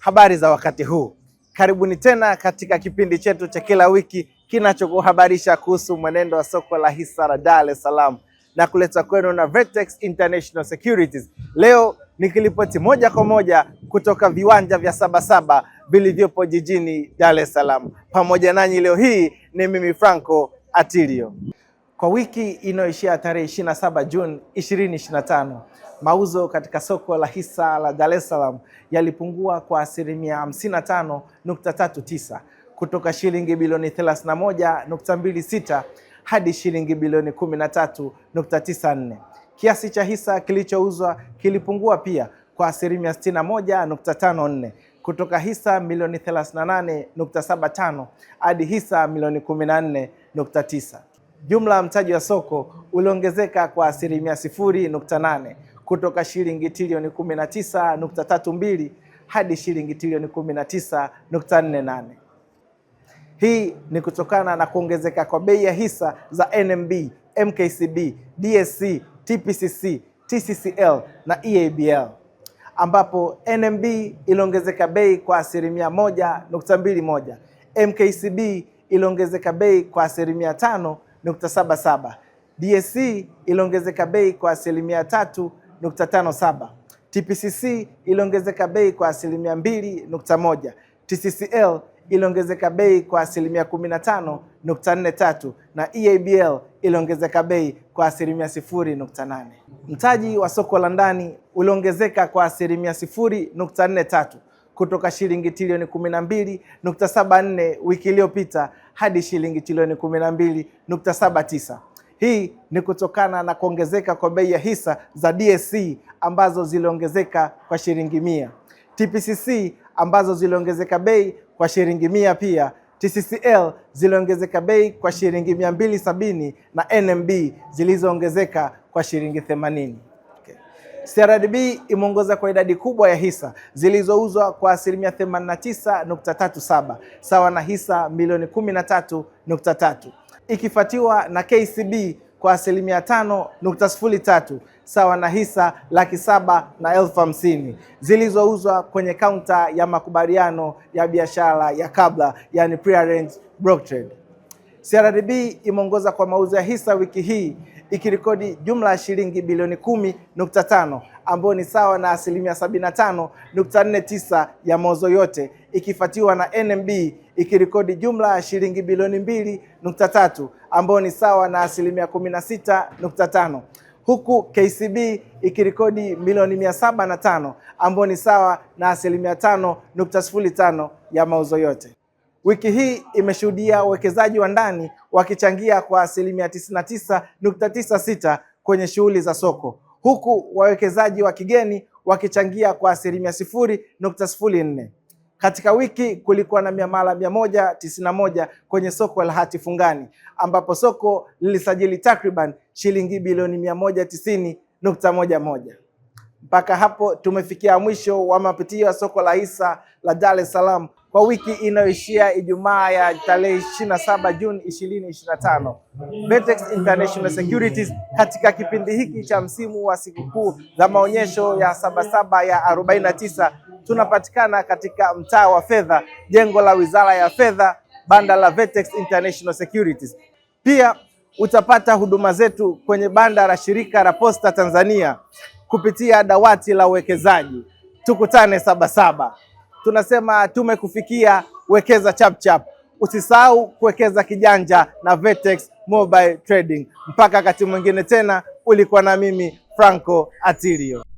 Habari za wakati huu, karibuni tena katika kipindi chetu cha kila wiki kinachokuhabarisha kuhusu mwenendo wa soko la hisa la Dar es Salaam na kuletwa kwenu na Vertex International Securities. Leo nikilipoti moja kwa moja kutoka viwanja vya Sabasaba vilivyopo jijini Dar es Salaam. Pamoja nanyi leo hii ni mimi Franco Atilio kwa wiki inayoishia tarehe 27 Juni 2025, mauzo katika soko la hisa la Dar es Salaam yalipungua kwa asilimia 55.39 kutoka shilingi bilioni 31.26 hadi shilingi bilioni 13.94. Kiasi cha hisa kilichouzwa kilipungua pia kwa asilimia 61.54 kutoka hisa milioni 38.75 hadi hisa milioni 14.9. Jumla ya mtaji wa soko uliongezeka kwa asilimia sifuri nukta nane kutoka shilingi trilioni kumi na tisa nukta tatu mbili hadi shilingi trilioni kumi na tisa nukta nne nane. Hii ni kutokana na kuongezeka kwa bei ya hisa za NMB, MKCB, DSC, TPCC, TCCL na EABL ambapo NMB iliongezeka bei kwa asilimia moja nukta mbili moja, MKCB iliongezeka bei kwa asilimia tano 3.77. DSC iliongezeka bei kwa asilimia 3.57. TPCC iliongezeka bei kwa asilimia 2.1. TCCL iliongezeka bei kwa asilimia 15.43 na EABL e iliongezeka bei kwa asilimia 0.8. Mtaji wa soko la ndani uliongezeka kwa asilimia 0.43 kutoka shilingi trilioni 12.74 wiki iliyopita hadi shilingi trilioni 12.79. Hii ni kutokana na kuongezeka kwa bei ya hisa za DSE ambazo ziliongezeka kwa shilingi mia, TPCC ambazo ziliongezeka bei kwa shilingi mia pia TCCL ziliongezeka bei kwa shilingi 270 na NMB zilizoongezeka kwa shilingi 80. CRDB imeongoza kwa idadi kubwa ya hisa zilizouzwa kwa asilimia 89.37 sawa na hisa milioni 13.3, ikifuatiwa na KCB kwa asilimia tatu sawa na hisa laki saba na elfu hamsini zilizouzwa kwenye kaunta ya makubaliano ya biashara ya kabla, yani pre-arranged block trade. CRDB imeongoza kwa mauzo ya hisa wiki hii ikirekodi jumla ya shilingi bilioni kumi nukta tano ambayo ni sawa na asilimia sabini na tano nukta nne tisa ya mauzo yote, ikifuatiwa na NMB ikirekodi jumla ya shilingi bilioni mbili nukta tatu ambayo ni sawa na asilimia kumi na sita nukta tano huku KCB ikirekodi milioni mia saba na tano ambayo ni sawa na asilimia tano nukta sifuri tano ya mauzo yote. Wiki hii imeshuhudia wawekezaji wa ndani wakichangia kwa asilimia 99.96 kwenye shughuli za soko, huku wawekezaji wa kigeni wakichangia kwa asilimia nne. Katika wiki kulikuwa na miamala 191 kwenye soko la hati fungani ambapo soko lilisajili takriban shilingi bilioni moja. Mpaka hapo tumefikia mwisho wa mapitio ya soko la hisa la Dar es Salaam kwa wiki inayoishia Ijumaa ya tarehe 27 Juni 2025. Betex International Securities katika kipindi hiki cha msimu wa sikukuu za maonyesho ya sabasaba ya 49 tunapatikana katika mtaa wa fedha, jengo la Wizara ya Fedha, banda la Betex International Securities. Pia utapata huduma zetu kwenye banda la shirika la Posta Tanzania kupitia dawati la uwekezaji. Tukutane Sabasaba. Tunasema tumekufikia, wekeza chapchap. Usisahau kuwekeza kijanja na Vertex Mobile Trading. Mpaka wakati mwingine tena, ulikuwa na mimi Franco Atilio.